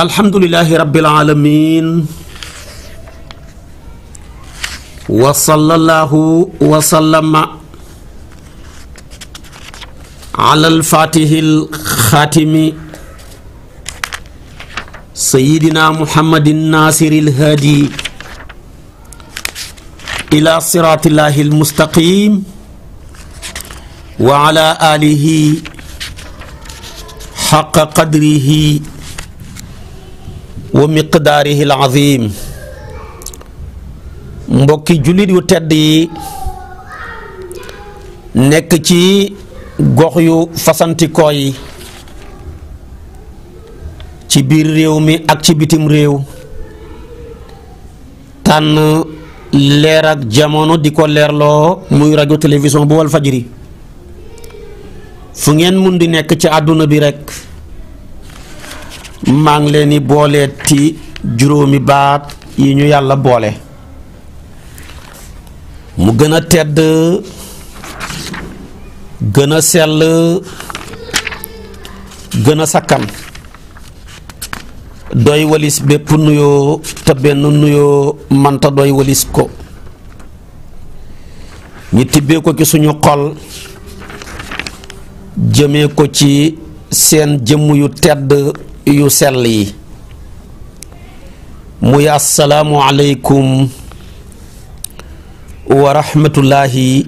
alhamdulillahi rabbil alamin wa sallallahu wa sallama ala alfaatihi alxaatimi sayidina muhammadin nasiri alhaadi ila siratillahi almustaqim wa ala alihi xaqa qadrihi wa miqdaarihi al mbokki jullit yu tedd yi nekk ci gox yu fasantikoo yi ci biir réew mi ak ci bitim réew tànn leer ak jamono di ko leerloo muy rajo télévision bu Walfajri fu ngeen mun di nekk ci àdduna bi rekk maa leen leen di booleeti juróomi baat yi ñu yàlla boole mu gën a tedd gën a sell gën a sakkan doy walis bépp nuyoo te benn nuyoo manta doy walis ko ñu tibbee ko ci suñu xol jëmee ko ci seen jëmm yu tedd yu sell yi muy assalaamu aleykum wa rahmatullahi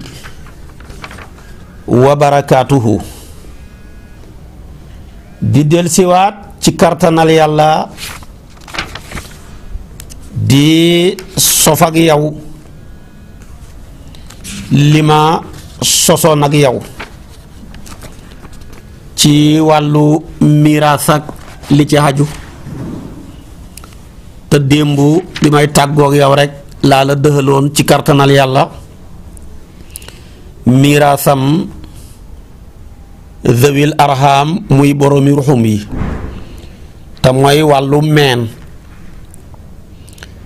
di delsiwaat ci kartanal yàlla di sof ak yow li ma sosoon ak yow ci wàllu miraas li ci xaju te démb bi may tàggoog yow rekk laa la dëxaloon ci kartanal yàlla miiraasam zawil arham muy boroomi ruxum yi te mooy wàllu meen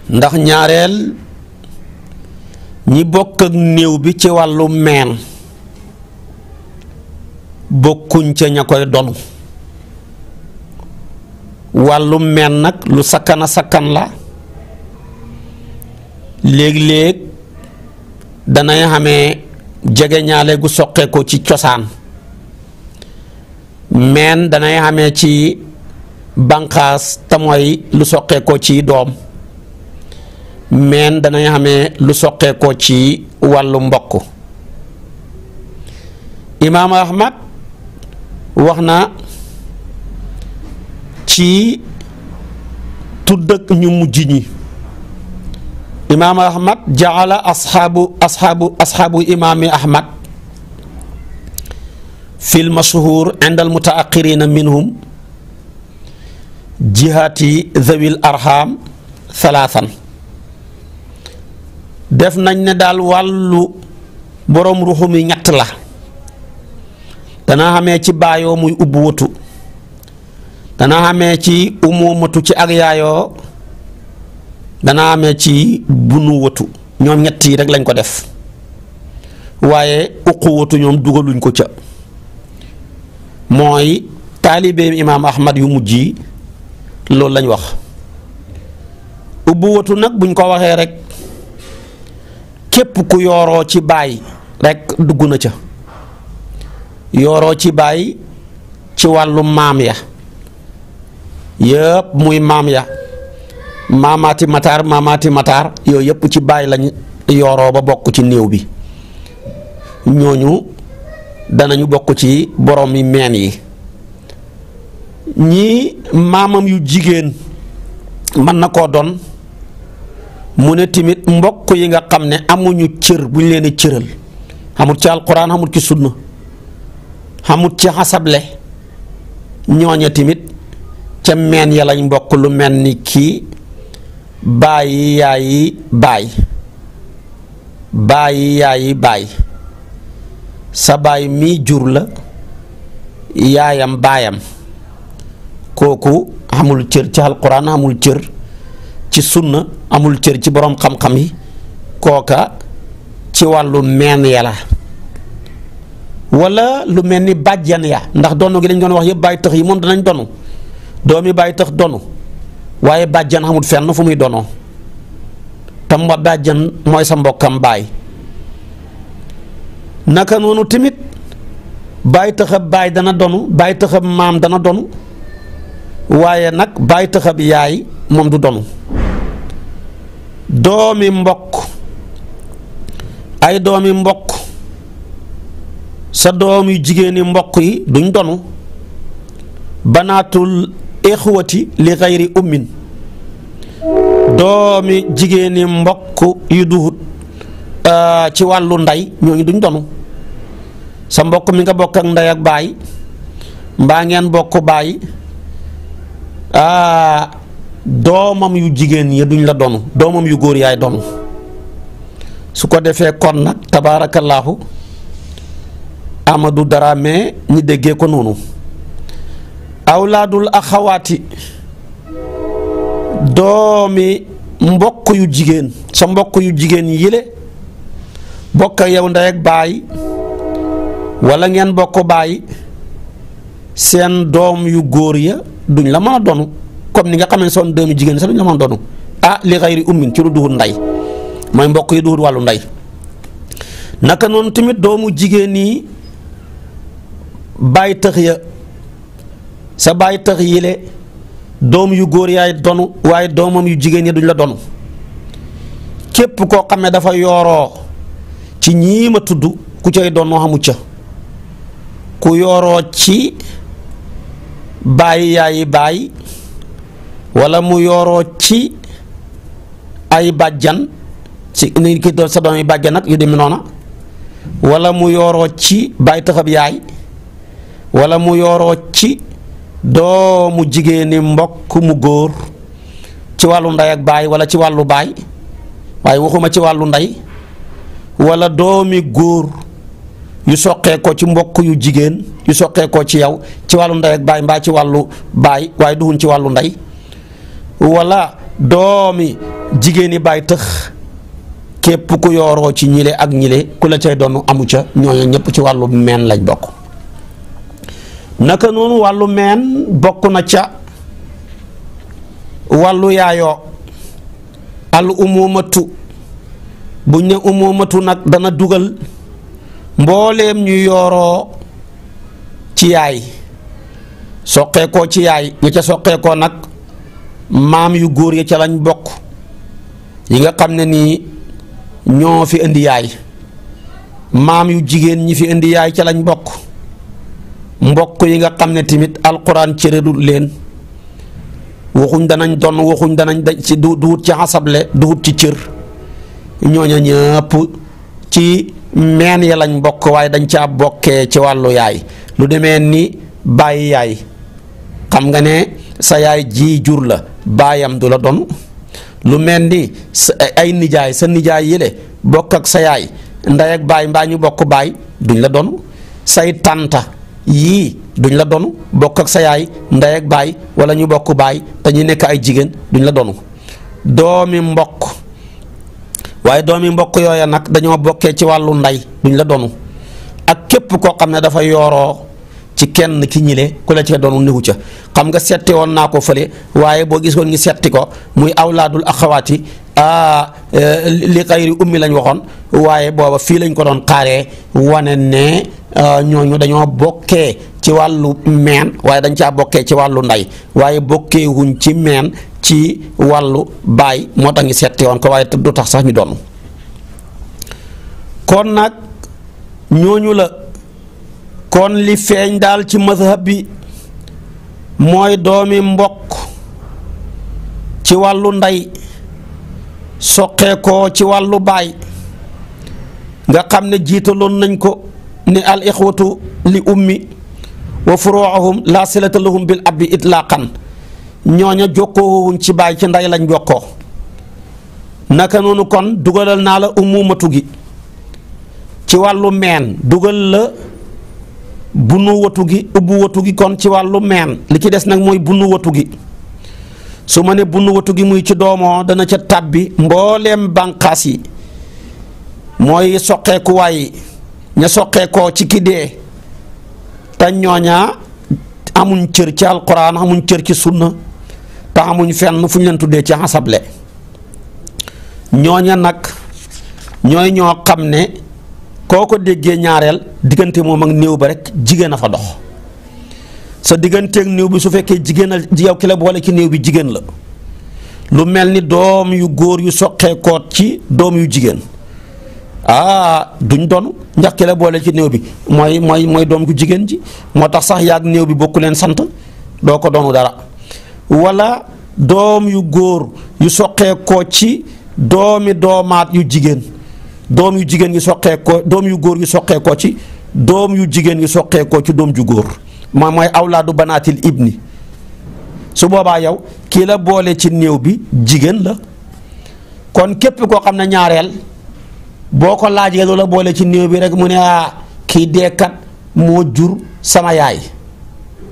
ndax ñaareel ñi bokk ak néew bi ci wàllu meen bokkuñ ca ña koy donu wàllum meen nag lu sakkana sakkan la léeg-léeg danay xamee jege ñaale gu soqe ci cosaan meen danay xamee ci bànqaas te lu soqe ko ci doom meen danay xamee lu soqe ci wàllu mbokk imaam Ahmad wax na ci tudd ak ñu mujj ñi imaam ahmad jaala asxaabu asxaabu asxaabu imaami ahmad fi lmashhur inda almutaaqirina minhum jihaati zawil arham thalathan def nañ ne daal wàllu boroom ruxum yi ñett la dana xamee ci baayoo muy ubbu watu dana amee ci umumatu ci ak yaayoo dana amee ci bunuwatu ñoom ñett yi rekk lañ ko def waaye uquwatu ñoom dugaluñ ko ca mooy taalibeem imaam ahmad yu mujj yi loolu lañ wax ubbuwatu nag buñ ko waxee rek képp ku yooroo ci baay rekk dugg na ca yooroo ci baay ci wàllu maam ya yëpp muy maam ya maamaati mataar maamaati mataar yooyu yëpp ci baay lañ yooroo ba bokk ci néew bi ñooñu danañu bokk ci boroomi meen yi ñii maamam yu jigéen mën na koo doon mu ne tamit mbokk yi nga xam ne amuñu cër bu ñu leen di cëral xamut ci alquran xamut ci sunna xamut ci xasable ñooña tamit ca meen ya lañ mbokk lu mel ni kii baay yi yaay yi baay baay yi yaay yi baay sa baay mii jur la yaayam baayam kooku amul cër ci alquran amul cër ci sunna amul cër ci boroom xam-xam yi kooka ci wàllu meen ya la wala lu mel ni bàjjan ya ndax donn gi lañ doon wax yëpp baay tax yi moom danañ donn doom yi bàyyi tax donu waaye bàjjan xamul fenn fu muy dono tam ba bàjjan mooy sa mbokkam baay naka noonu tamit bàyyi taxab baay dana donu bàyyi taxab maam dana donu waaye nag bàyyi taxab yaay moom du donu doomi mbokk ay doomi mbokk sa doom yu jigéeni mbokk yi duñ donu banaatul ixwati li xayri ummin doomi jigéeni mbokk yu duhut euh, ci wàllu nday ñoo ñooñu duñ donu sa mbokk mi nga bokk ak ndey ak baay mbaa ngeen bokk baay euh, doomam yu jigéen yi duñ la donu doomam yu góor yaay donu su ko defee kon nag tabaarakallaahu Amadou Darame ñu déggee ko noonu awlaadul axawaati doomi mbokk yu jigéen sa mbokk yu jigéen yile bokk yow ndey ak baay wala ngeen bokk baay seen doom yu góor ya duñ la mën a donu comme ni nga xam ne son doomi jigéen sax duñ la mën a donu ah li xayri ummin ci lu duhul ndey mooy mbokk yi duhul wàllu ndey naka noonu tamit doomu jigéen yi baay tëx ya sa bàyyi tax yile doom yu góor yaay donu waaye doomam yu jigéen ñi duñ la donu képp koo xam ne dafa yooroo ci ñii ma tudd ku cay donoo xamu ca ku yooroo ci bàyyi yaayi baay walla mu yooroo ci ay bàjjan ci ni ki sa doom yi bàjjan nag yu demee noona walla mu yooroo ci bàyyi taxab yaay walla mu yooroo ci doomu jigéeni mbokk mu góor ci wàllu ndey ak baay wala ci wàllu baay waaye waxuma ci wàllu ndey wala doomi góor yu soqee ci mbokk yu jigéen yu soqee ci yow ci wàllu ndey ak baay mbaa ci wàllu baay waaye duhun ci wàllu ndey wala doomi jigéeni baay tëx képp ku yooroo ci ñile ak ñile ku la cay doon amu ca ñooñu ñëpp ci wàllu meen lañ bokk naka noonu wàllu meen bokk na ca wàllu yaayoo al umumatu buñ ne umumatu nag dana dugal mbooleem ñu yooroo ci yaay soqeekoo ci yaay ña ca soqeekoo nag maam yu góor ya ca lañ bokk yi nga xam ne nii ñoo fi indi yaay maam yu jigéen ñi fi indi yaay ca lañ bokk mbokk yi nga xam ne tamit alquran cëralul leen waxuñ danañ don waxuñ danañ dañ ci du ci xasable duut ci cër ñooña ñëpp ci meen ya lañ bokk waaye dañ caa bokkee ci wàllu yaay lu demee ni bàyyi yaay xam nga ne sa yaay ji jur la baayam du la doon lu mel ni sa ay nijaay sa nijaay yële bokk ak sa yaay ndey ak baay mbaa ñu bokk baay duñ la doon say tànta yii duñ la donu bokk ak sa yaay ndey ak baay wala ñu bokk baay dañuy nekk ay jigéen duñ la donu doomi mbokk waaye doomi mbokk yooya nag dañoo bokkee ci wàllu ndey duñ la donu ak képp koo xam ne dafa yooroo ci kenn ki ñile ku la ci doonu niwu ca xam nga seete woon naa ko fële waaye boo gisoon ngi seeti ko muy awlaadul axawaati Ah, eh, li xayri ummi lañ waxoon waaye booba fii lañ ko doon xaaree wane ne eh, ñooñu dañoo bokkee ci wàllu meen waaye dañ caa bokkee ci wàllu ndey waaye bokkee wuñ ci meen ci wàllu baay moo tax ñu setti woon ko waaye du tax sax ñu doon kon nag ñooñu la kon li feeñ daal ci mazhab bi mooy doomi mbokk ci wàllu ndey soqeekoo ci wàllu baay nga xam ne jiitaloon nañ ko ne al ixwatu li ummi wa furuuhum laa silata lahum bil abdi itlaaqan ñooña jokkoowuñ ci baay ci ndey lañ jokkoo naka noonu kon dugalal naa la umumatu gi ci wàllu meen dugal la bunu watu gi ubbu watu gi kon ci wàllu meen li ci des nag mooy bunu watu gi su ma ne bunn watu gi muy ci doomoo dana ca tàbbi mbooleem bànqaas yi mooy soqeekuwaay yi ña soqeekoo ci ki te ñooña amuñ cër ci alquran amuñ cër ci sunna te amuñ fenn fu ñu leen tuddee ci xasable ñooña nag ñooy ñoo xam ne koo ko déggee ñaareel diggante moom ak néew ba rek jigéen a fa dox sa digganteeg néew bi su fekkee jigéenal a yow ki la boole ci néew bi jigéen la lu mel ni doom yu góor yu soqeekoot ci doom yu jigéen ah duñ doon ndax ki boole ci néew bi mooy mooy doom ju jigéen ji moo tax sax yaag néew bi bokku leen sant doo ko doonu dara wala doom yu góor yu soqeekoo ci doomi doomaat yu jigéen doom yu jigéen yu soqeekoo doom yu góor yu soqeekoo ci doom yu jigéen yu soqeekoo ci doom ju góor ma mooy awlaadu banaatil ibni su boobaa yow kii la boole ci néew bi jigéen la kon képp koo xam ne ñaareel boo ko laajee lu la boole ci néew bi rek mu ne ah kii deekat moo jur sama yaay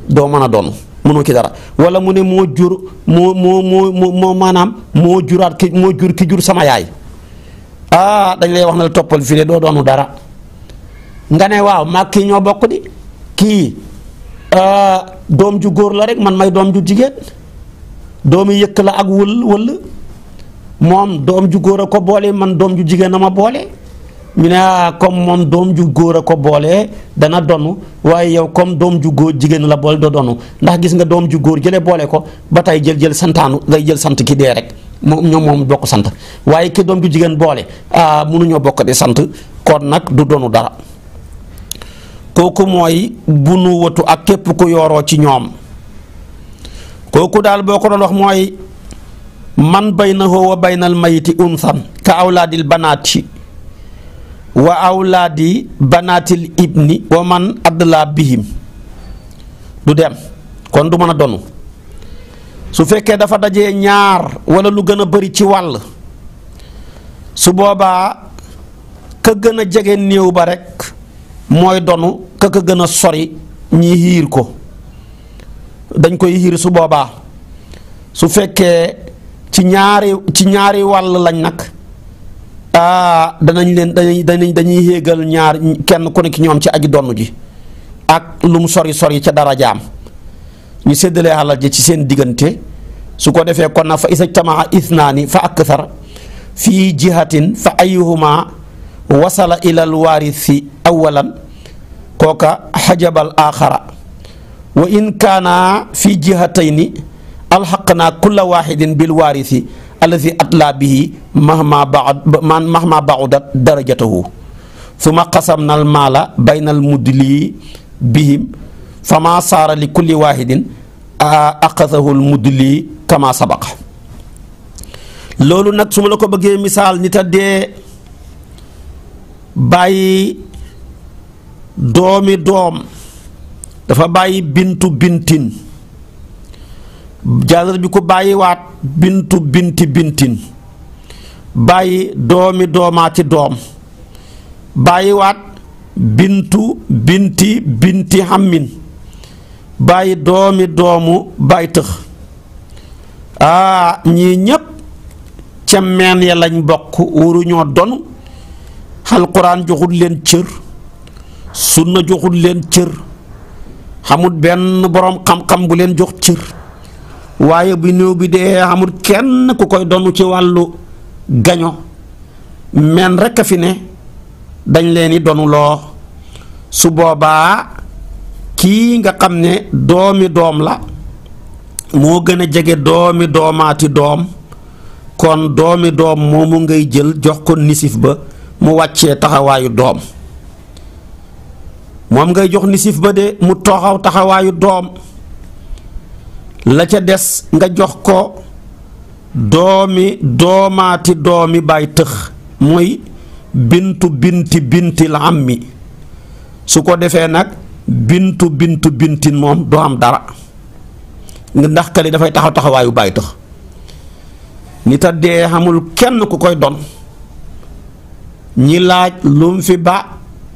doo mën a doon mënoo ci dara wala mu ne moo jur moo moo moo moo maanaam moo juraat ki moo jur ki jur sama yaay ah dañ lay wax ne la toppal fii doo doonu dara nga ne waaw mag kii ñoo bokk di kii Ah, doom ju góor la rek man may doom ju jigéen doomi yëkk la ak wël wël moom doom ju góor a ko boole man doom ju jigéen a boole ñu ne ah, comme moom doom ju góor a ko boole dana donu waaye yow comme doom ju góor jigéen la boole doo donu ndax gis nga doom ju góor jële boole ko ba tey jël jël santaanu lay jël sant ki dee rek moom ñoom moom bokk sant waaye ki doom ju jigéen boole ah mënuñoo bokk di sant kon nag du donu dara. kooku mooy bu nu watu ak képp ku yooroo ci ñoom kooku daal boo ko doon wax mooy man baynahu wa baynal mayiti unsan ka awlaadil banaati wa awlaadi banaatil ibni wa man adla bihim du dem kon du mën a donu su fekkee dafa dajee ñaar walla lu gën a bari ci wàll su boobaa ka gën a jege néew ba rekk mooy donu ka ko gën a sori ñi hiir ko dañ koy hiir su boobaa su fekkee ci ñaari ci ñaari wàll lañ nag ah danañ leen dañuy dañuy dañuy yéegal ñaar kenn ku nekk ñoom ci aji donn ji ak lu mu sori sori ca darajaam ñu séddalee alal ji ci seen diggante su ko defee kon nag fa isa tamaa isnaani fa akthar fii jihatin fa ayuhuma wasala ilal waarisi awalan kooka xajabal aaxara wa in kaana fi jihatayni alxaqnaa kulla waaxidin bil waarisi allazi atlaa bihi mahma baud man mahma baudat darajatahu suma qasamna al maala bayna al mudli bihim fama saara li kulli waaxidin aqasahu al mudli kama sabaqa loolu nag su ma la ko bëggee misaal nit a dee bàyyi doomi doom dafa bàyyi bintu bintin jaazar bi ku bàyyiwaat waat bintu binti bintin bàyyi doomi doomaati doom bàyyiwaat bintu binti binti hammin bàyyi doomi doomu bàyyi tëx aa ñii ñépp ca meen lañ bokk waruñoo donu alquran joxul leen cër sunna joxul leen cër xamut benn boroom xam-xam bu leen jox cër waaye bu néew bi dee xamul kenn ku koy donn ci wàllu gaño men rekk a fi ne dañ leen di loo su boobaa kii nga xam ne doomi doom la moo gën a jege doomi doomaati doom kon doomi doom moomu ngay jël jox ko nisif ba mu wàccee taxawaayu doom moom ngay jox ni nisif ba de mu toxaw taxawaayu doom la ca des nga jox ko doomi doomaati doomi baay tëx mooy bintu binti binti la am mi su ko defee nag bintu bintu bintin moom doo am dara ndax kali dafay taxaw taxawaayu baay tëx nit a dee xamul kenn ku koy don ñi laaj lum fi ba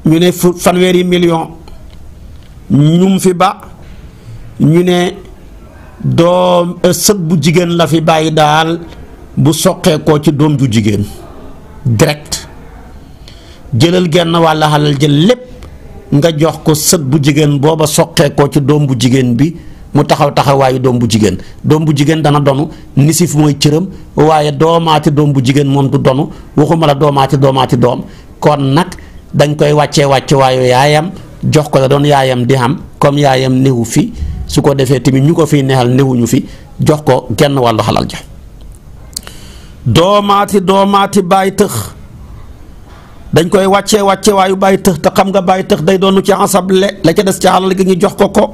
ñu ne fanweeri million ñum fi ba ñu ne doom e sët bu jigéen la fi bàyyi daal bu soqee ci doom ju jigéen direct jëlal genn wàlla xalal jël lépp nga jox ko sët bu jigéen booba soqee ci doom bu jigéen bi mu taxaw taxawaayu doom bu jigéen doom bu jigéen dana donu nisif mooy cëram waaye doomaati doom bu jigéen moom du donu waxuma la doomaati doomaati doom kon nag dañ koy wàcce waayu yaayam jox ko la doon yaayam di xam comme yaayam néewu fi su ko defee tamit ñu ko fiy neexal néewuñu fi jox ko genn wàllu xalal ja doomaati doomaati bàyyi tëx dañ koy wàccee wàcce waayu bàyyi tëx te xam nga bàyyi tëx day doonu ci asable la ca des ca xalal gi ñu jox ko ko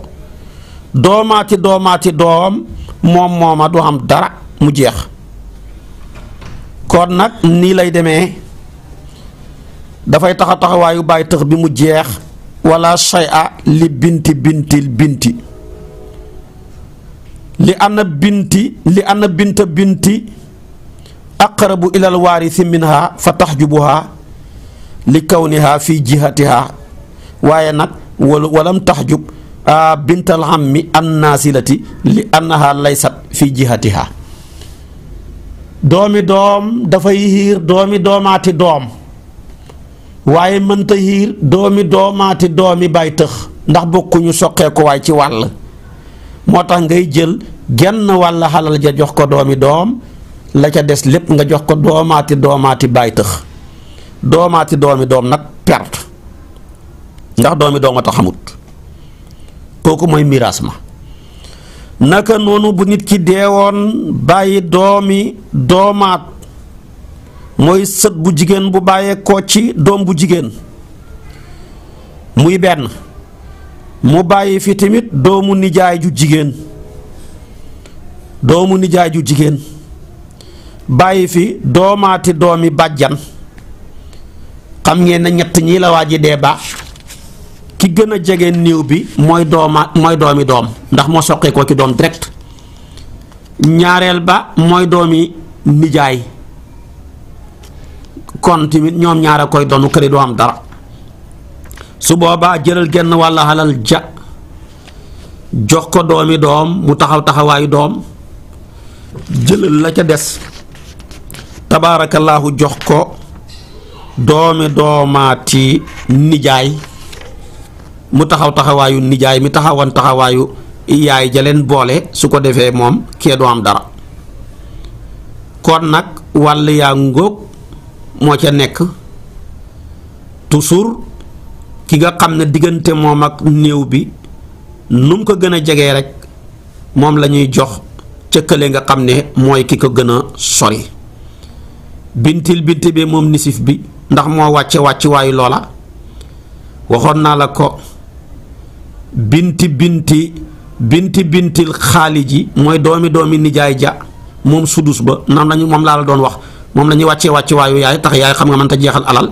doomaati doomaati doom moom mooma du am dara mu jeex kon nag nii lay demee dafay taxa taxawaayu bàyyi tëx bi mu jeex wala shay'a li binti bintil binti li ana binti li ana binta binti aqrabu ilal waarisi minha fa taxjubuha li kawniha fi jihatiha waaye nag walam taxjub bintal ammi an naasilati li annaha laysat fi jihatiha doomi doom dafay hiir doomi doomaati doom waaye mënta hiir doomi doomaati doomi bay tëx ndax bokkuñu soqee ko waay ci wàll moo tax ngay jël genn wàll xalal ja jox ko doomi doom la ca des lépp nga jox ko doomaati doomaati baay tëx doomaati doomi doom nag perte ndax doomi doom a tax xamut kooku mooy miraas ma naka noonu bu nit ki deewoon bàyyi doomi doomaat mooy sët bu jigéen bu bàyyeekoo ci doom bu jigéen muy benn mu bàyyi fi tamit doomu nijaay ju jigéen doomu nijaay ju jigéen bàyyi fi doomaati doomi bàjjan xam ngeen ne ñett ñii la waa ji dee baax ki gën a jege néew bi mooy dooma mooy doomi doom ndax moo soqee koo ci doom direct ñaareel ba mooy doomi nijaay kon tamit ñoom ñaar a koy doonu këri doo am dara su boobaa jëlal genn wàlla ko doomi doom mu taxaw taxawaayu doom jëlal la ca des tabaarakallaahu jox ko doomi doomaati nijaay mu taxaw taxawaayu nijaay mi taxawan taxawaayu yaay ja leen boole su ko defee moom kee du am dara kon nag wàll yaa ngóog moo ca nekk toujours ki nga xam ne diggante moom ak néew bi nu mu ko gën a jegee rek moom la ñuy jox ca kële nga xam ne mooy ki ko gën a sori bintil binti bee moom nisif bi ndax moo wàcce wàcc waayu loola waxoon naa la ko binti binti binti bintil xaaliji mooy doomi doomi nijaay ja moom su sudus ba nam lañu moom laa doon wax moom la ñuy wàccee yaay tax yaay xam nga mënta jeexal alal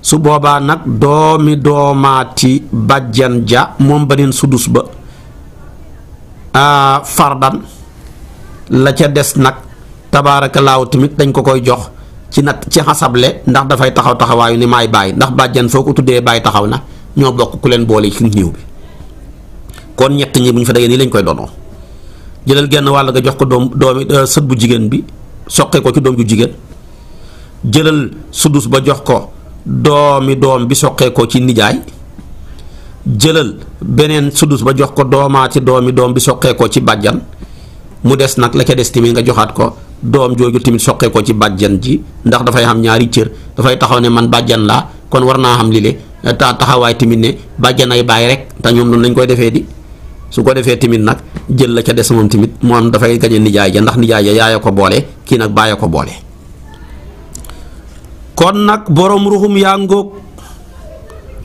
su boobaa nag doomi doomaati bàjjan ja moom beneen sudus ba fardan la ca des nag tabaarakallaahu tamit dañ ko koy jox ci nag ci xasable ndax dafay taxaw taxawaayu ni maay bàyyi ndax bàjjan foo ko tuddee bàyyi taxaw na ñoo bokk ku leen boole ci néew bi kon ñett ñi bu ñu fa dajee nii lañ koy dono jëlal genn wàll nga jox ko doom doomi euh, sët bu jigéen bi soqee ko ci doom ju jigéen jëlal sudus ba jox ko doomi doom bi soqee ci nijaay jëlal beneen sudus ba jox ko doomaati doomi doom bi soqee ko ci bàjjan mu des nag la ca des tamit nga joxaat ko doom jooju tamit soqee ko ci bàjjan ji ndax dafay xam ñaari cër dafay taxaw ne man bàjjan laa kon war naa xam lile ta taxawaay tamit ne bàjjan ay bàyyi rek te ñoom noonu lañ koy defee di su ko defee tamit nag jël la ca des moom tamit moom dafay gañe nijaay ja ndax nijaay ja yaaya ko boole kii nag bàyyi ko boole kon nag borom ruxum yaa ngóog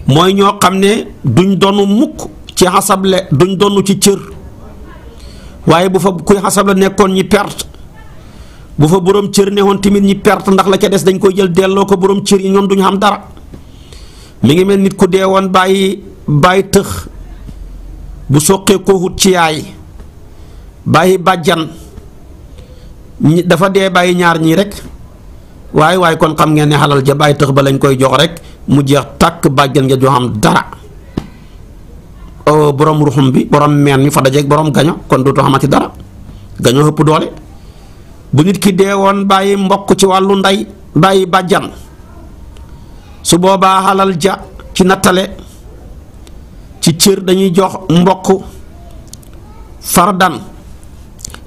mooy ñoo xam ne duñ donn mukk ci xasable duñ donn ci cër waaye bu fa kuy xasable nekkoon ñi perte bu fa borom cër newoon tamit ñi perte ndax la ca des dañ koy jël delloo ko borom cër yi ñoom duñu am dara mi ngi mel nit ku dee woon bàyyi bàyyi tëx bu soqee ko hut ci yaay bàyyi bàjjan dafa dee bàyyi ñaar ñii rek waaye waaye kon xam ngeen ne xalal ja bàyyi tëx ba lañ koy jox rek mu jeex tàkk bàjjan nga joo xam dara boroom ruxum bi borom meen mi fa dajeeg boroom gaño kon dootoo xamati dara gaño ëpp doole bu nit ki dee woon bàyyi mbokk ci wàllu ndey bàyyi bàjjan su boobaa xalal ja ci nattale ci cër dañuy jox mbokk fardan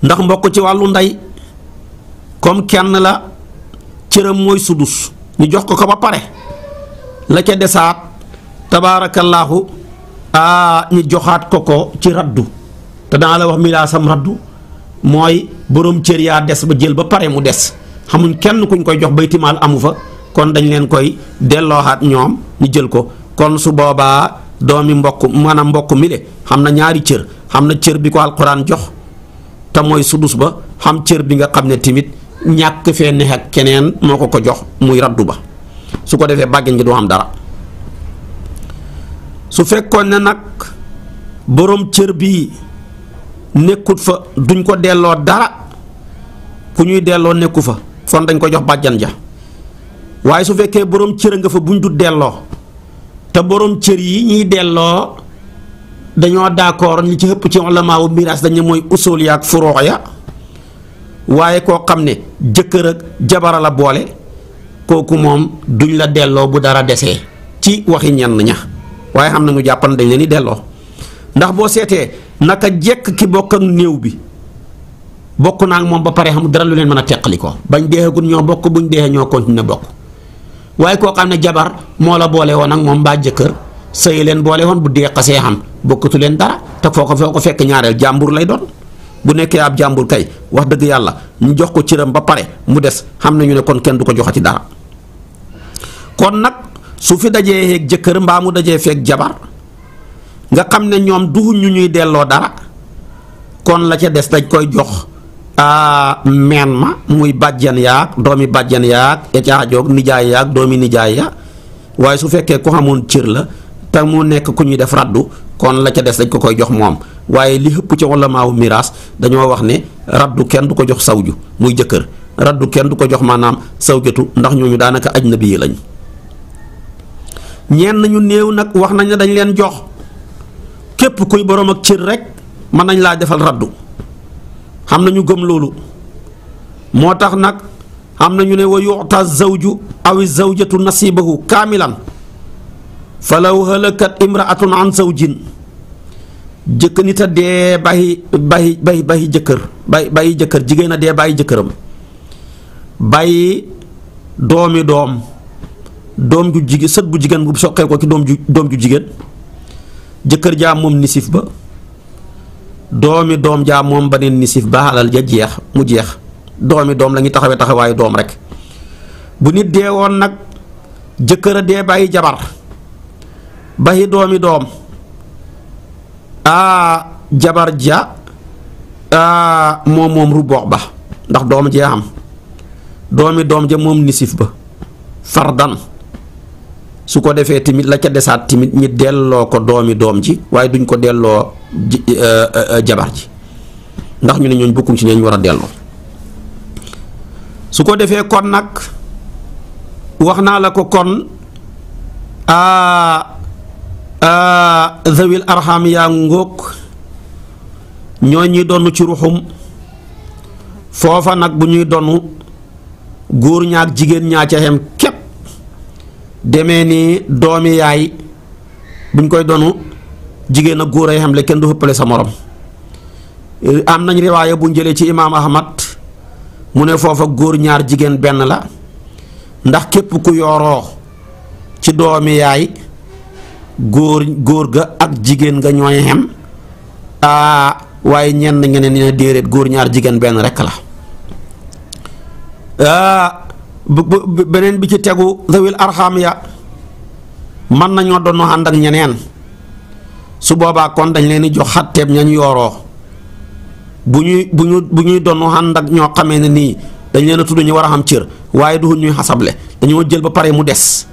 ndax mbokk ci wàllu ndey comme kenn la cëram mooy sudus ñu jox ko ko ba pare la ca desaat tabaarakallaahu a ñu joxaat ko ko ci raddu te danaa la wax mi sam raddu mooy boroom cër yaa des ba jël ba pare mu des xamuñ kenn kuñ koy jox baytimaal amu fa kon dañ leen koy delloo dellooxaat ñoom ñu jël ko kon su boobaa doomi mbokk maanaam mbokk mi le xam na ñaari cër xam na cër bi ko alquran jox te mooy sudus ba xam cër bi nga xam ne tamit ñàkk fee neex keneen moo ko ko jox muy raddu ba su ko defee bàggeñ gi doo xam dara su fekkoon ne nag boroom cër bi nekkut fa duñ ko delloo dara ku ñuy delloo nekku fa fon dañ ko jox bàjjan ja waaye su fekkee borom cër nga fa buñ du delloo te boroom cër yi ñuy delloo dañoo d'accord ñi ci ëpp ci ulamaawu miraas dañu mooy usul ya ak furoo ya waaye koo xam ne jëkkër ak jabara boole kooku moom duñ la delloo bu dara desee ci waxi ñenn ña waaye xam na ñu jàppan dañ leen di delloo ndax boo seetee naka jekk ki bokk ak néew bi bokk naa ak moom ba pare xam dara lu leen mën a teqali ko bañ deexagul ñoo bokk buñ deexee ñoo continuer bokk waaye koo xam ne jabar moo la boole woon ak moom mbaa jëkkër sëy leen boole woon bu dee xasee xam bokkatu leen dara te foo ko foo ko fekk ñaareel jàmbur lay doon bu nekkee ab jàmbur kay wax dëgg yàlla ñu jox ko cëram ba pare mu des xam nañu ne kon kenn du ko joxati dara kon nag su fi dajee ak jëkkër mbaa mu dajee feeg jabar nga xam ne ñoom du ñu ñuy delloo dara kon la ca des dañ koy jox Ah, meen ma muy bàjjan yaag doomi bàjjan yaag ecaajoog nijaay yaag doomi nijaay ya waaye su fekkee ku xamoon cër la te mu nekk ku ñuy def raddu kon la ca des dañ ko koy jox moom waaye li xëpp ci wala maaw miraas dañoo wax ne raddu kenn du ko jox sawju muy jëkkër raddu kenn du ko jox maanaam sawjatu ndax ñooñu daanaka ajnabi yi lañ ñeen nañu néew nag wax nañ ne dañ leen jox képp kuy borom ak cër rek mën nañ laa defal raddu xam nañu ñu gëm loolu moo tax nag am na ñu ne wa yuta zawju aw zawjatu nasibahu kaamilan falaw halakat imraatun an zawjin jëkk nit a dee bàyyi bàyyi bàyyi jëkkër jigéen a dee bàyyi jëkkëram bàyyi doomi doom doom ju jigéen sët bu jigéen bu soqee ko ci doom ju ju jigéen jëkkër jaa moom nisif ba doomi doom jaa moom ba neen nisif ba alal ja jeex mu jeex doomi doom la ñuy taxawee taxawaayu doom rek bu nit dee woon nag jëkkër a dee bàyyi jabar bàyyi doomi doom aa jabar ja aa moom moom rubboox ba ndax doom jee am doomi doom ja moom nisif ba fardan su ko defee tamit la ca desaat tamit ñi delloo ko doomi doom ji waaye duñ ko delloo euh, euh, euh, jabar ji ndax ñu ne ñooñ bokkuñ ci ñu war a delloo su ko defee kon nag wax naa la ko kon zawil arham yaa ngóog ñoo ñuy donn ci ruxum foofa nag bu ñuy donn góor ñaak jigéen ñaa ca xem demee ni doomi yaay buñ koy donu jigéen a góor ay xamle kenn du xëppale sa moroom eh, am nañ riwaaya buñ jëlee ci imaam ahmad mu ne foofa góor ñaar jigéen benn la ndax képp ku yooroo ci doomi yaay góor góor ga ak jigéen nga ñooy xem aa waaye ñenn ñeneen ñi ne déedéet góor ñaar jigéen benn rekk la beneen bi ci tegu zawil arxam ya mën nañoo doon ànd ak ñeneen su boobaa kon dañ leen di jox xatteeb ñañ yooroo bu ñuy bu ñu bu ñuy doon ànd ak ñoo xamee ne nii dañ leen tudd ñu war a xam cër waaye du ñuy xasable dañoo jël ba pare mu des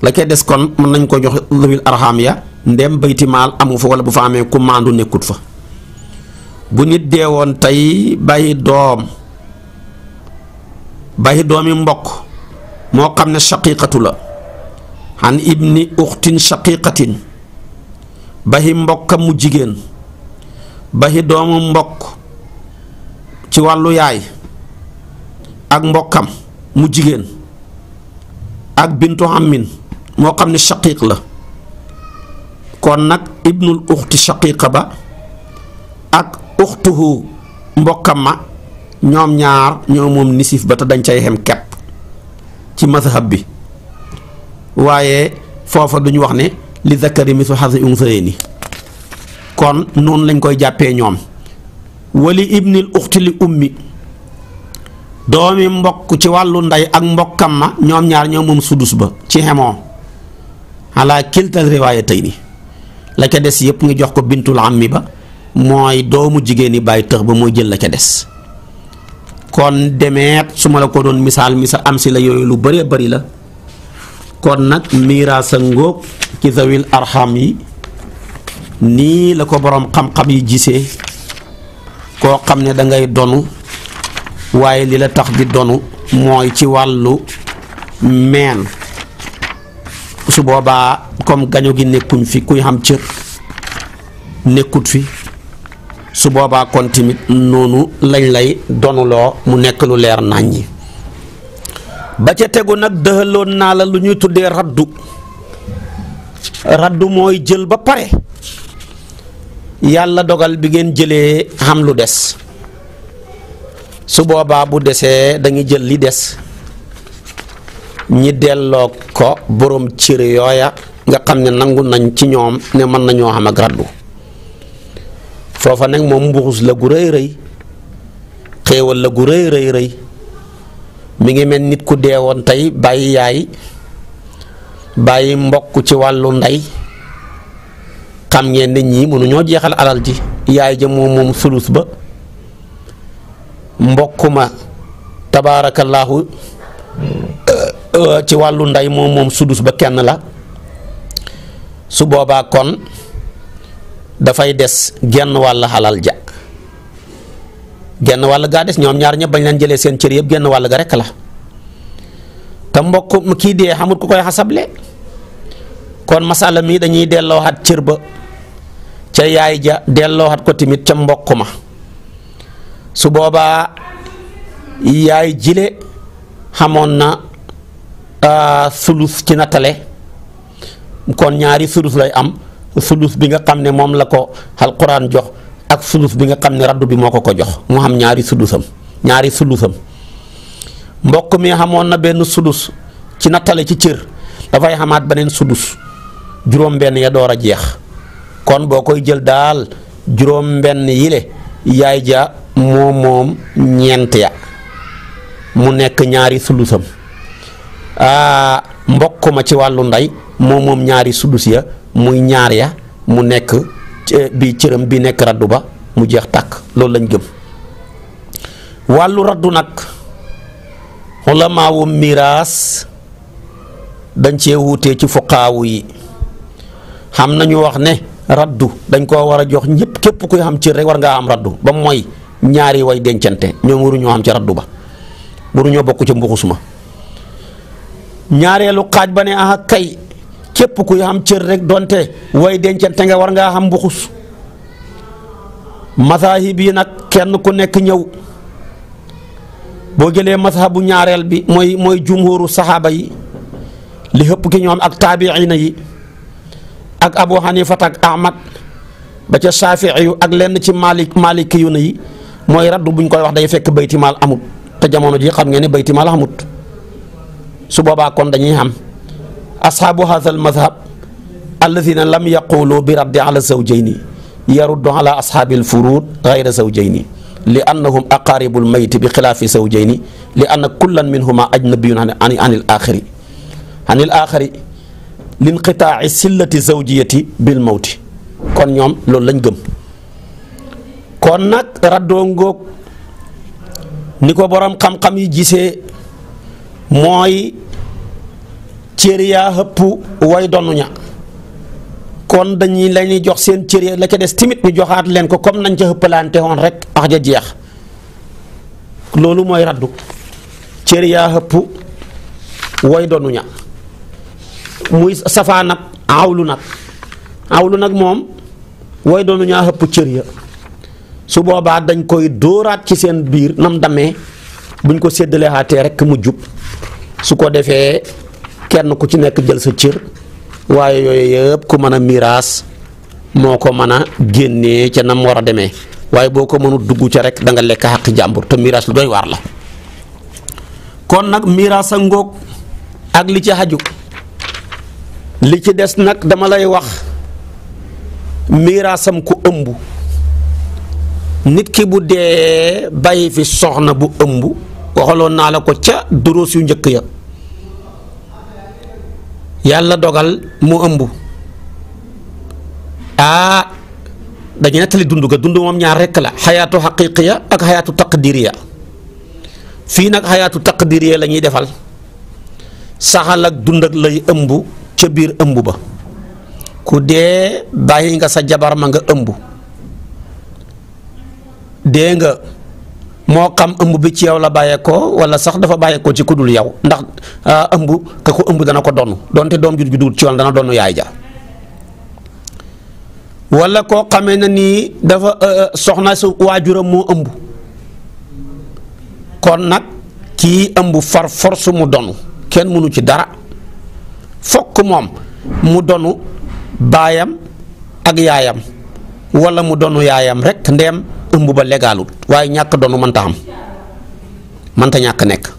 la koy des kon mën nañ ko jox zawil arxam ya ndem bayti maal amu fa wala bu fa amee ku maandu nekkut fa bu nit deewoon tey bàyyi doom. bàyyi doomi mbokk moo xam ne shaqiqatu la an ibni uxtin shaqiqatin bàyyi mbokkam mu jigéen bàyyi doomu mbokk ci wàllu yaay ak mbokkam mu jigéen ak bintu amin moo xam ne shaqiq la kon nag ibnul uxti shaqiqa ba ak uxtuhu mbokkam ma ñoom ñaar ñoo moom nisif ba te dañ cay xem kepp ci mazhab bi waaye foofa duñu wax ne li zakari misu xasi unsayni kon noonu lañ koy jàppee ñoom wali ibnil uxti li ummi doomi mbokk ci wàllu ndey ak mbokkam ma ñoom ñaar ñoo moom sudus ba ci xemoo ala kiltal riwaayatayni la ca des yëpp nga jox ko bintul ammi ba mooy doomu jigéen ñi bàyyi tëx ba mooy jël la ca des kon demeet su ma la ko doon misaal misaal am si la yooyu lu bëree bari la kon nag miiraasa ngóog ci zawil arham yi nii la ko boroom xam-xam yi gisee koo xam ne dangay ngay donu waaye li la tax di donu mooy ci wàllu meen su boobaa comme gaño gi nekkuñ fi kuy xam cër nekkut fi su boobaa kon tamit noonu lañ lay donuloo mu nekk lu leer nàññi ba ca tegu nag dëxaloon naa la lu ñuy tuddee raddu raddu mooy jël ba pare yàlla dogal bi ngeen jëlee xam lu des su boobaa bu desee dañuy jël li des ñi delloo ko borom cër yooya nga xam ne nangu nañ ci ñoom ne mën nañoo xam ak raddu foofa nag moom mbuxus la gu rëy rëy xéewal la gu rëy rëy rëy mi ngi mel nit ku deewoon tey bàyyi yaay bàyyi mbokk ci wàllu ndey xam ngeen nit ñi mënuñoo jeexal alal ji yaay ja moom moom sulus ba mbokk ma tabaarakallaahu euh, euh, ci wàllu ndey moom moom sudus ba kenn la su boobaa kon dafay des genn wàll xalal ja genn wàll gaa des ñoom ñaar ñëpp bañ leen jëlee seen cër yëpp genn wàll ga rekk la te mbokk kii dee xamut ku koy xasable kon masala mii dañuy dellooxat cër ba ca yaay ja dellooxat ko tamit ca mbokk ma su boobaa yaay jile xamoon na ah, sulus ci nattale kon ñaari sulus lay am sulus bi nga xam ne moom la ko alquran jox ak sulus bi nga xam ne raddu bi moo ko ko jox mu xam ñaari sulusam ñaari sulusam mbokk mi xamoon na benn sulus ci nattale ci cër dafay xamaat beneen sulus juróom-benn ya door a jeex kon boo koy jël daal juróom-benn yile yaay ja moom moom ñeent ya mu nekk ñaari sulusam mbokk ma ci wàllu ndey moom moom ñaari sulus ya muy ñaar ya mu nekk bi cëram bi nekk raddu ba mu jeex tàkk loolu lañ gëm wàllu raddu nag ulamaawu miraas dañ cee wuutee ci fuqaawu yi xam nañu wax ne raddu dañ koo war a jox ñëpp képp kuy xam cër rek war ngaa am raddu ba mooy ñaari way dencante ñoom waruñoo xam ci raddu ba waruñoo bokk ca mbuxus ma ñaareelu xaaj ba ne ah kay képp kuy am cër rek donte way dencante nga war ngaa xam mbuxus masaahib yi nag kenn ku nekk ñëw boo jëlee masahabu ñaareel bi mooy mooy jumhuru saxaaba yi li xëpp ki ñoom ak taabiina yi ak abu xanifat ak ahmad ba ca saafii yu ak lenn ci malik maliki na yi mooy raddu buñ koy wax day fekk baytimaal amut te jamono ji xam ngeen ne baytimaal amut su boobaa kon dañuy am asxaabu haadha al madhab alladina lam yaqulu bi raddi ala zawjayni yaruddu ala asxaabi al furud gayra zawjayni li annahum aqaaribu lmayiti bi xilaafi zawjayni li anna kullan minhuma ajnabiyun an il axiri an il axiri linqitaaci sillati zawjiyati bil mawti kon ñoom loolu lañ gëm kon nag raddoo ngóog ni ko borom xam-xam yi gisee mooy cër yaa xëpp way donnu kon dañuy lañuy jox seen cër ya la ca des timit ñu joxaat leen ko comme nañ ca xëppalante woon rek wax ja jeex loolu mooy raddu cër yaa xëpp way donnu muy safaa nag awlu nag awlu nag moom way doonu ñaa xëpp cër ya su boobaa dañ koy dooraat ci seen biir nam damee buñ ko séddalee xaatee rekk mu jub su ko defee kenn ku ci nekk jël sa cër waaye yooyu yëpp ku mën a miraas moo ko mën a génnee ca nam war a demee waaye boo ko mënut dugg ca rek danga lekk xàq jàmbur te miraas lu doy waar la kon nag miraas a ak li ci xaju li ci des nag dama lay wax miraasam ku ëmb nit ki bu dee bàyyi fi soxna bu ëmb waxaloon naa la ko ca duroos yu njëkk ya yàlla dogal mu ëmb ah dañu nettali dund ga dund moom ñaar rekk la xayaatu xaqiqiya ak xayaatu taqdiriya fii nag xayaatu taqdiriya la lañuy defal saxal ak dund ak lay ëmb ca biir ëmb ba ku dee bàyyi nga sa jabar ma nga ëmb dee nga moo xam ëmb bi ci yow la bàyyeekoo wala sax dafa bàyyeekoo ci ku dul yow ndax ah, ëmb ka ko ëmb dana ko donn donte doom ju juddul ci yoon dana donn yaay ja wala koo xamee na nii dafa eh, eh, soxna su waajuram moo ëmb kon nag kii ëmb far force mu donn kenn mënu ci dara fokk moom mu donu baayam ak yaayam wala mu donu yaayam rek ndeem ëmb ba légalut waaye ñàkk donu mënta am mënta ñàkk nekk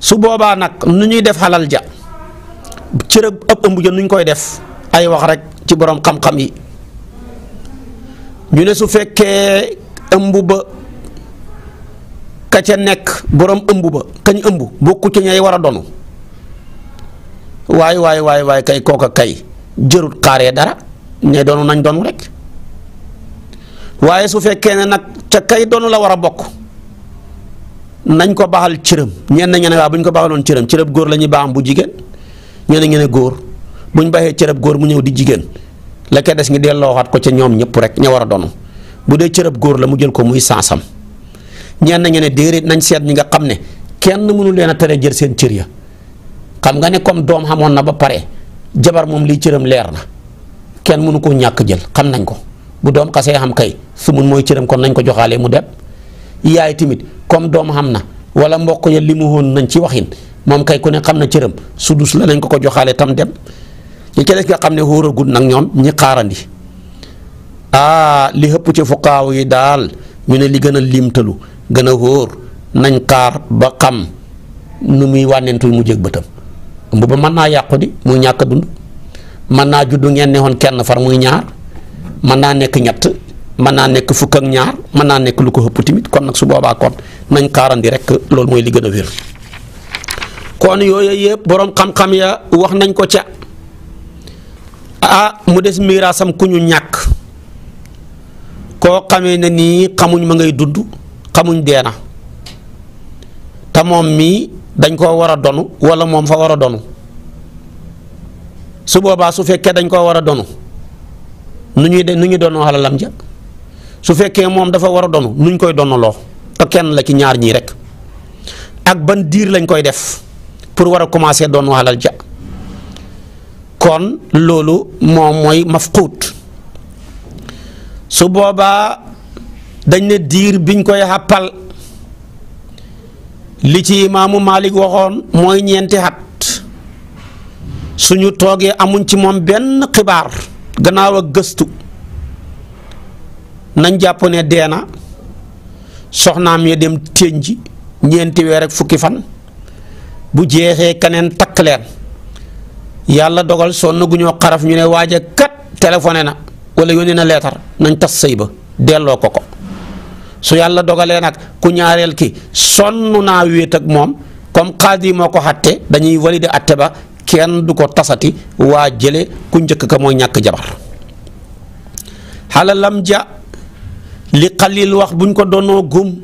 su boobaa nag nu ñuy def xalal ja cër ab ëmb ja nuñ koy def ay wax rek ci boroom xam-xam yi ñu ne su fekkee ëmb ba ka ca nekk boroom ëmb ba kañ ëmb bokku ci ñay war a donu waaye waay waay waay kay kooka kay jërut xaaree dara ñe doonu nañ doonu rek waaye su fekkee ne nag ca kay doonu la war a bokk nañ ko baaxal cëram ñenn ñene waa bu ñu ko baaxaloon cëram cërëb góor la ñuy baaxam bu jigéen ñenn ñene góor bu ñu baaxee cërëb góor mu ñëw di jigéen la koy des ngi delloowaat ko ca ñoom ñëpp rek ña war a doonu bu dee cërëb góor la mu jël ko muy sansam ñenn ñene déedéet nañ seet ñi nga xam ne kenn mënul leen a tere jël seen cër ya xam nga ne comme doom xamoon na ba pare jabar moom lii cëram leer na. kenn mënu koo ñàkk jël xam nañ ko bu doom xasee xam kay su mun mooy cëram kon nañ ko joxaalee mu dem yaay tamit comme doom xam na wala mbokk ya li mu woon nañ ci waxin moom kay ku ne xam na cëram su dus la nañ ko ko joxalee tam dem ñi ca des nga xam ne wóoragul nag ñoom ñi xaarandi aa ah, li xëpp ci fuqaaw yi daal ñu ne li gën a limtalu gën a wóor nañ xaar ba xam nu muy wànnentul mu jég bëtam mbuba mën naa yàqu muy ñàkk dund mën naa juddu ngeen ne woon kenn far muy ñaar mën naa nekk ñett mën naa nekk fukk ak ñaar mën naa nekk lu ko ëpp tamit kon nag su boobaa kon nañ xaarandi rek loolu mooy li gën a wér kon yooyu yëpp boroom xam-xam ya wax nañ ko ca ah mu des miraasam ku ñu ñàkk koo xamee ne nii xamuñ ma ngay dudd xamuñ deena te moom mii dañ koo war a donu wala moom fa war a donu su boobaa su fekkee dañ koo war a donu nu ñuy de nu ñu donoo alalam ja su fekkee moom dafa war a donu nu ñu koy donaloo te kenn la ci ñaar ñii rek ak ban diir lañ koy def pour war a commencer donoo alal ja kon loolu moom mooy mafquut su boobaa dañ ne diir biñ koy xàppal li ci imaamu Malik waxoon mooy ñeenti xat su ñu toogee amuñ ci moom benn xibaar gannaaw ak gëstu nañ jàpp ne dee soxnaam yi dem ténji ñeenti weer ak fukki fan bu jeexee keneen takk leen yàlla dogal sonn gu ñoo xaraf ñu ne waaja kat téléphoné na wala yónnee na leetar nañ tas sëy ba delloo ko ko su yàlla dogalee nag ku ñaareel ki sonn naa wéet moom comme xaadi moo ko xatte dañuy valider atte ba kenn du ko tasati waa jële ku njëkk ka mooy ñàkk jabar xalalam ja li xalil wax buñ ko doonoo gum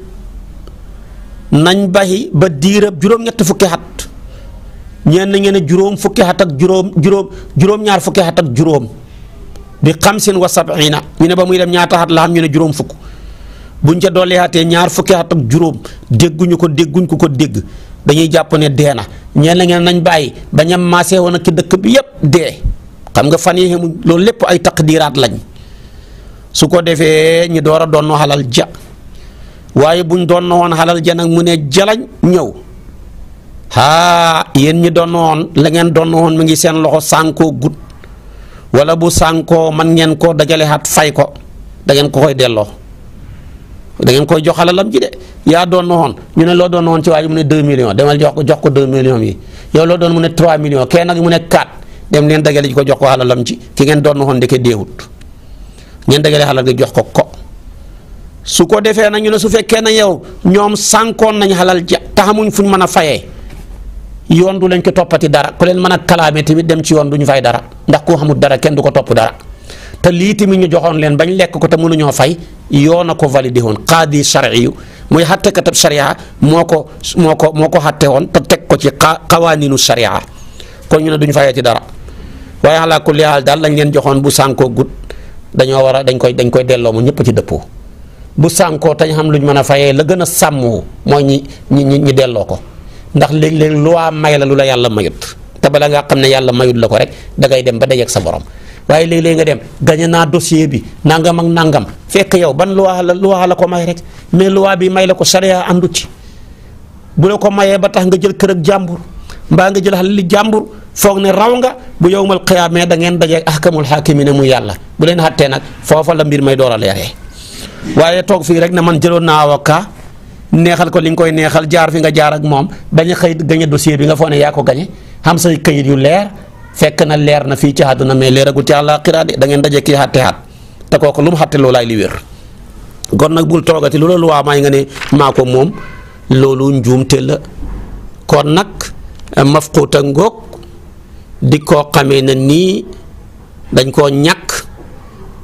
nañ baxi ba diirab juróom-ñetti fukki xat ñeen ngeen juróom fukki xat ak juróom juróom ñaar fukki xat ak juróom bi xamsin wa sabina ñu ne ba muy dem ñaata xat la xam ñu juróom fukk buñ ca dolli xatee ñaar fukki xat ak juróom dégguñu ko dégguñ ko ko dégg dañuy jàpp ne dee na ñeen la ngeen nañ bàyyi ba ñam maasee woon ak ki dëkk bi yépp dee xam nga fan yi loolu lépp ay taqdiraat lañ su ko defee ñi door a doon xalal waaye buñ doon woon xalal ja nag mu ne jalañ ñëw haa yéen ñi doon woon la ngeen doon woon mu ngi seen loxo sànkoo gut wala bu sànkoo man ngeen koo dajale xat fay ko dangeen ko koy delloo da ngeen koy jox alalam ji de yaa doon na ñu ne loo doon na ci waa ji mu ne 2 millions demal jox ko jox ko 2 millions yi yow loo doon mu ne 3 millions kenn ne 4 dem leen dagale ji ko jox ko alalam ci ki ngeen doon na woon ndeke deewut ngeen dagale alal gi jox ko ko su ko defee nag ñu ne su fekkee na yow ñoom sànkoon nañ xalal ja fu ñu mën a fayee yoon du lañ ko toppati dara ku leen mën a kalaame tamit dem ci yoon du ñu fay dara ndax koo xamul dara kenn du ko topp dara. te lii tamit ñu joxoon leen bañ lekk ko te ñoo fay yoon a ko validé woon qaadi shar'i yu muy xatteekatab sharia moo ko moo ko moo ko xatte woon te teg ko ci qawaaninu sharia kon ñu ne duñ fayee ci dara waaye ala kulli haal daal lañ leen joxoon bu sànkoo gut dañoo war a dañ koy dañ koy delloo mu ñëpp ci dëppoo bu sànkoo tañ xam lu ñu mën a fayee la gën a sàmmoo mooy ñi ñi ñi delloo ko ndax léeg-léeg lu waa may la lu la yàlla mayut te bala ngaa xam ne yàlla mayut la ko rek dangay dem ba dajeeg sa borom. waaye léeg-léeg nga dem gañe naa dossier bi nangam ak nangam fekk yow ban loi la loi la ko may rek mais loi bi may la ko sariya àndu ci bu la ko mayee ba tax nga jël kër jàmbur mbaa nga jël xalali jàmbur foog ne raw nga bu yowmal qiyaamee da ngeen dajeeg ahkamul ne mu yàlla bu leen xàttee nag foofa la mbir may door a leeree waaye toog fii rek ne man jëloon naa avocat neexal ko li nga koy neexal jaar fi nga jaar ak moom bañ a xëy gañe dossier bi nga foog ne yaa ko gañe xam say këyit yu leer. fekk na leer na fii ci àdduna mais leeragul ci àllaaxira de da ngeen daje kii xatte xat te kooku lu mu xatte loolaay li wér kon nag bul toogati lu la luwaa may nga ne maa ko moom loolu njuumte la kon nag eh, mafquuta ngoog di koo xamee na nii dañ koo ñàkk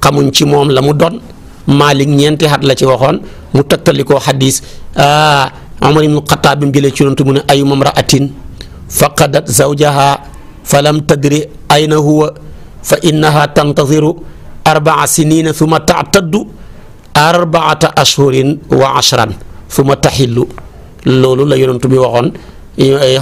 xamuñ ci moom la mu doon Maalik ñeenti xat la ci waxoon mu tëkkali koo xadis ah Umar ibnu Xataab bi mu jëlee ci yonent mu ne ayuma mraatin faqadat zawjaha fa lam ay na huwa fa innaha tantadiru arbaa sinina summa taataddu arbaata ashhurin wa ashran summa taxillu loolu la yonentu bi waxoon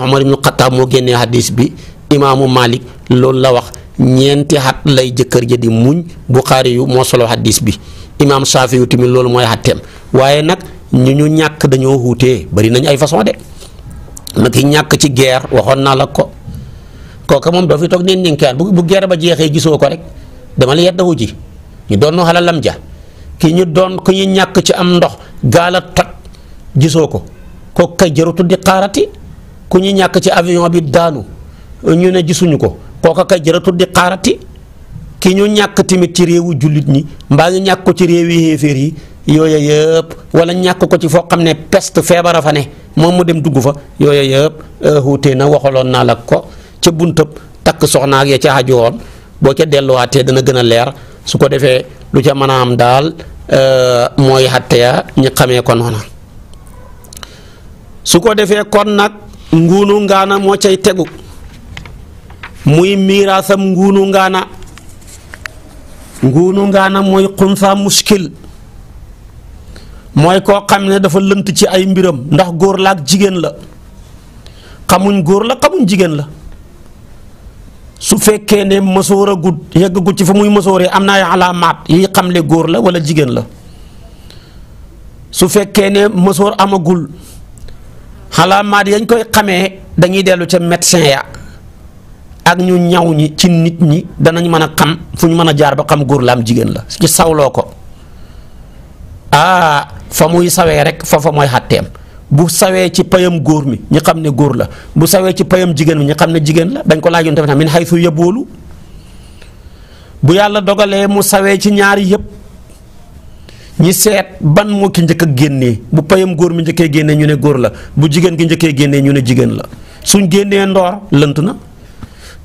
Omar ibnu Xataab moo génnee hadis bi imaamu Malik loolu la wax ñeenti xat lay jëkkër ja di muñ Buxaari yu moo solo hadis bi imaam Saafi yu tamit loolu mooy xatteem waaye nag ñu ñu ñàkk dañoo wuutee bari nañ ay façon de nag ki ñàkk ci guerre waxoon naa la ko kooka moom doo fi toog neen ninkaan bu bu ba jeexee gisoo ko rek dama la yeddawu ji ñu doon noo xalalam ja ki ñu doon ku ñu ñàkk ci am ndox gaala a toj gisoo ko kooku kay ku ñu ñàkk ci avion bi daanu ñu ne gisuñu ko kooka kay jarutul di xaarati ki ñu ñàkk tamit ci réewu jullit ñi mbaa ñu ñàkk ko ci réewi xéeféer yi yooya yëpp wala ñàkk ko ci foo xam ne peste feebara fa ne moom mu dem dugg fa yooya yëpp xuutee euh, na waxaloon naa la ko ca buntab takk soxnaak ya ca aju woon boo ca delluwaatee dana gën a leer su ko defee lu ca mën a am daal euh, mooy xatte ya ñi xamee ko noona su ko defee kon nag nguunu ngaana moo cay tegu muy miiraasam nguunu ngaana nguunu ngaana mooy xunsa muskil mooy koo xam ne dafa lënt ci ay mbiram ndax góor la ak jigéen la xamuñ góor la xamuñ jigéen la su fekkee ne mësoor a gudd yeggagut ci fa muy mësooree am naa na ay yi yiy xamle góor la wala jigéen la su fekkee ne mësoor amagul alaamaat yañ koy xamee dañuy dellu ca médecin ya ak ñu ñaw ñi ci nit ñi danañ mën a xam fu ñu mën a jaar ba xam góor la am jigéen la ci sawloo ko aa ah, fa muy sawee rek foofa mooy xàtteem bu sawee ci payam góor mi ñu xam ne góor la bu sawee ci payam jigéen mi ñu xam ne jigéen la dañ ko laajoon tamit min xaysu yëboolu bu yàlla dogalee mu sawee ci ñaar yëpp ñi seet ban moo ki njëkk a génnee bu payam góor mi njëkkee génnee ñu ne góor la bu jigéen gi njëkkee génnee ñu ne jigéen la suñ génnee ndoor lënt na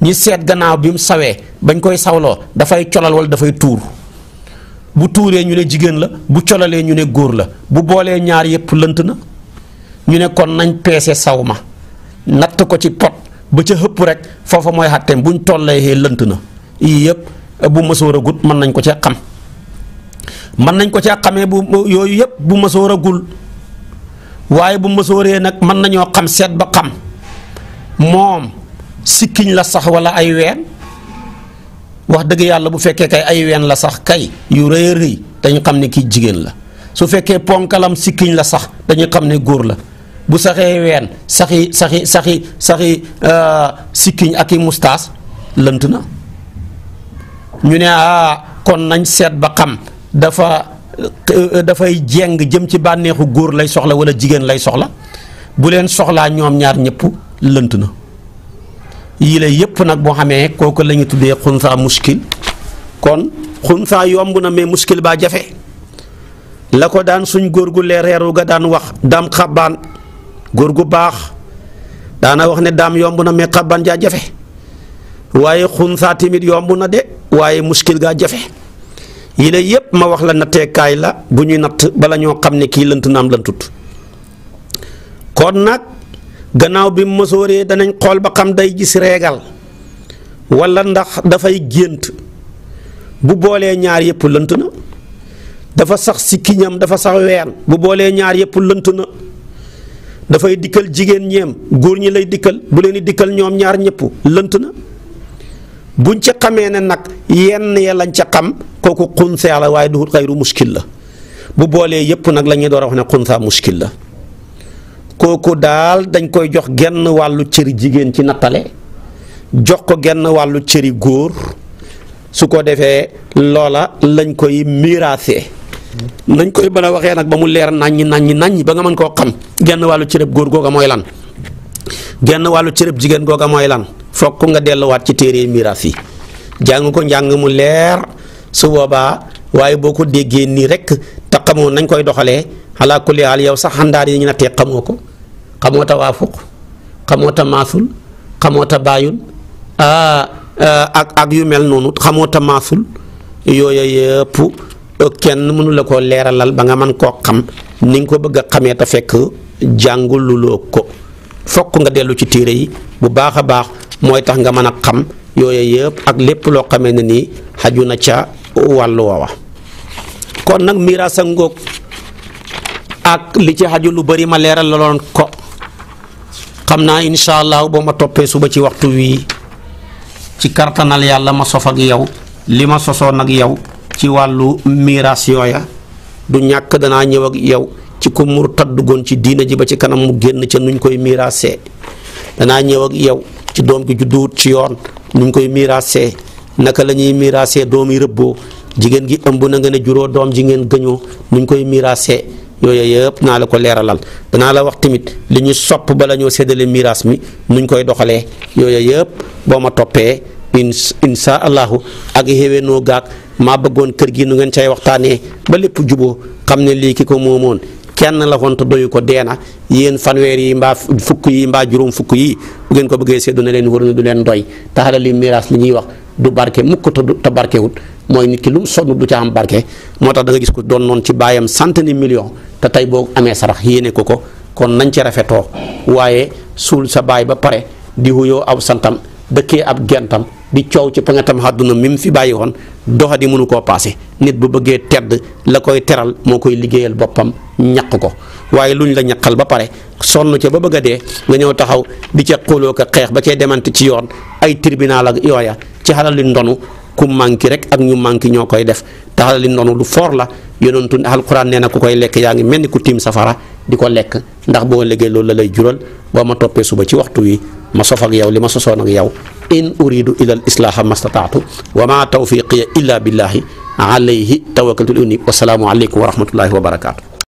ñi seet gannaaw bi mu sawee bañ koy sawloo dafay colal wala dafay tuur bu tuuree ñu ne jigéen la bu colalee ñu ne góor la bu boolee ñaar yëpp lënt na ñu ne kon nañ peese saw ma natt ko ci pot ba ca xëpp rek foofa mooy xàtteem buñ tollee lënt na yii yëpp bu mësoor a gut mën nañ ko cee xam mën nañ ko cee xamee bu yooyu yëpp bu mësoor a waaye bu mësooree nag mën nañoo xam seet ba xam moom sikkiñ la sax wala ay ween wax dëgg yàlla bu fekkee kay ay ween la sax kay yu rëy a rëy dañ xam ne kii jigéen la su fekkee ponkalam sikkiñ la sax dañu xam ne góor la bu saxee ween saxi saxi saxi saxi euh, sikkiñ ak i mustaas lënt na ñu ne ah kon nañ seet ba xam dafa euh, dafay jeng jëm ci bànneexu góor lay soxla wala jigéen lay soxla bu leen soxlaa ñoom ñaar ñëpp lënt na yii la yëpp nag boo xamee kooku la ñu tuddee xunsaa muskil kon xunsaa yomb na mais muskil baa jafe la ko daan suñ góor gu leereeru ga daan wax daam xabbaan góor gu baax daana wax ne daam yomb na mais xabbaan jaa jafe waaye xunsaa tamit yomb na de waaye muskil gaa jafe yile yépp ma wax la natteekaay la bu ñuy natt bala ñoo xam ne kii lënt naam lëntut kon nag gannaaw bi mësooree danañ xool ba xam day gis reegal walla ndax dafay gént bu boolee ñaar yépp lënt na dafa sax si kiñam dafa sax ween bu boolee ñaar yëpp lënt na dafay dikkal jigéen ñeem góor ñi lay dikkal bu leen di dikkal ñoom ñaar ñëpp lënt na buñ ca xamee ne nag yenn ya lañ ca xam kooku xunsaa la waaye du xayru muskil la bu boolee yëpp nag lañuy door a wax ne xunsaa muskil la kooku daal dañ koy jox genn wàllu cëri jigéen ci nappale jox ko genn wàllu cëri góor su ko defee loola lañ koy miraasee nañ koy mën waxee nag ba mu leer nañ naññi nañ naññi ba nga mën koo xam genn wàllu cërëb góor googa mooy lan genn wàllu cërëb jigéen googa mooy lan fokk nga delluwaat ci téere miraas yi jàng ko njàng mu leer su boobaa waaye boo ko déggee nii rek te xamoo nañ koy doxalee ala kulli haal yow sax xandaar yi ñu ne tee xamoo ko xamoo ta waafuq xamoo ta maasul xamoo ta baayul ah, ah, ak ak yu mel noonu xamoo ta maasul yooyu yëpp. kenn mënu la koo leeralal ba nga man koo xam ni nga ko bëgg a xamee te fekk jàngululoo ko fokk nga dellu ci téere yi bu baax a baax mooy tax nga mën a xam yooyu yëpp ak lépp loo xamee ne nii xaju na ca wàllu woowa kon nag miraasa ngoog ak li ci xaju lu bari ma leeral laloon ko xam naa incha allah boo ma toppee suba ci waxtu wii ci kartanal yàlla ma sof ak yow li ma sosoon ak yow ci wàllu miiraas yooya du ñàkk danaa ñëw ak yow ci ku tadd duggoon ci diina ji ba ci kanam mu génn ca nuñ koy miiraasee danaa ñëw ak yow ci doom gi judduwut ci yoon nuñ koy miiraasee naka la ñuy miiraasee doom yi rëbboo jigéen gi ëmb na nga ne juróo doom ji ngeen gëñoo nuñ koy miiraasee yooyu yëpp naa la ko leeralal danaa la wax tamit li ñu sopp bala ñoo séddale miraas mi nuñ koy doxalee yooyu yëpp boo ma toppee in insha allahu ak xéwénoo gaag maa bëggoon kër gi nu ngeen cay waxtaanee ba lépp juboo xam ne lii ki ko moomoon kenn la woon te doyu ko deena yéen fanweer yi mbaa fukk yi mbaa juróom fukk yi bu ngeen ko bëggee seddu na leen wër na du leen doy taxala li miraas li ñuy wax du barke mukk te barkewut mooy nit ki lu mu sonn du ca am barke moo tax da nga gis ko doon noonu ci baayam ni million te tey boo amee sarax yéene ko ko kon nañ ci rafetoo waaye suul sa baay ba pare di wuyoo aw santam dëkkee ab gentam di coow ci pangatam àdduna mi mu fi bàyyi woon doxa di mënu koo paase nit bu bëggee tedd la koy teral moo koy liggéeyal boppam ñaq ko waaye lu ñu la ñaqal ba pare sonn ca ba bëgg dee nga ñëw taxaw di ca xóoloo ko xeex ba cay demante ci yoon ay tribunal ak yooya ci xalal li ndonu ku manqué rek ak ñu manqué ñoo koy def te xalal li ndonu lu foor la tu yonentu alquran nee na ku koy lekk yaa ngi mel ni ku tiim safara di ko lekk ndax boo liggéey loolu la lay jural boo ma toppee suba ci waxtu wi ma sof ak yow li ma sosoon ak yow in uridu ila al islaaha mastataatu wa ma tawfiqiya illa billahi alayhi tawakkaltu l unib wasalaamu aleykum wa rahmatullahi wa barakaatu